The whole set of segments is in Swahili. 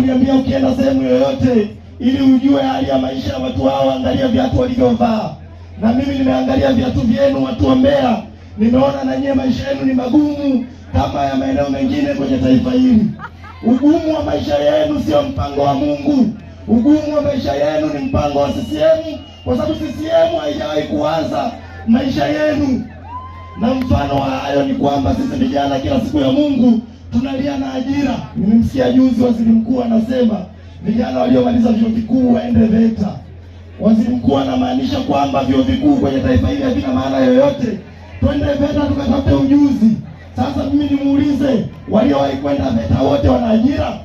uliambia ukienda sehemu yoyote, ili ujue hali ya maisha ya watu hao, angalia viatu walivyovaa. Na mimi nimeangalia viatu vyenu, watu wa Mbeya, nimeona na nyie maisha yenu ni magumu kama ya maeneo mengine kwenye taifa hili. Ugumu wa maisha yenu sio mpango wa Mungu. Ugumu wa maisha yenu ni mpango wa CCM, kwa sababu CCM haijawahi kuanza maisha yenu. Na mfano wa hayo ni kwamba sisi vijana kila siku ya Mungu tunalia na ajira. Nimemsikia juzi waziri mkuu anasema vijana waliomaliza vyuo vikuu waende VETA. Waziri mkuu anamaanisha kwamba vyuo vikuu kwenye taifa hili havina maana yoyote, twende VETA tukatafute ujuzi. Sasa mimi nimuulize, waliowahi kwenda VETA wote wana ajira?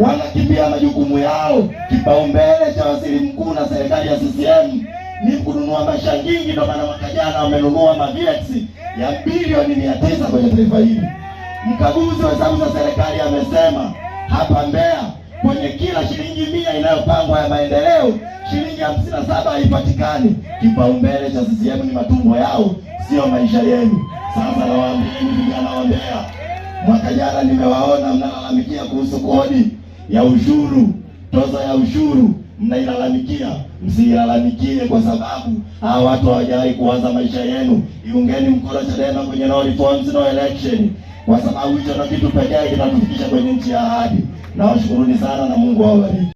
Wanakimbia majukumu yao. Kipaumbele cha waziri mkuu na serikali ya CCM ni kununua mashangingi, ndio maana mwaka jana wamenunua mavieti ya bilioni mia tisa kwenye taifa hili. Mkaguzi wa hesabu za serikali amesema hapa Mbeya kwenye kila shilingi mia inayopangwa ya maendeleo, shilingi hamsini na saba haipatikani. Kipaumbele cha CCM ni matumbo yao, sio maisha yenu. Sasa nawaambieni vijana wa Mbeya, mwaka jana nimewaona mnalalamikia kuhusu kodi ya ushuru, toza ya ushuru mnailalamikia. Msiilalamikie kwa sababu hawa watu hawajawahi kuwaza maisha yenu. Iungeni mkono CHADEMA kwenye no reforms no election kwa sababu hicho na kitu pekee kinatufikisha kwenye nchi ya ahadi. Nawashukuruni sana na Mungu awabariki.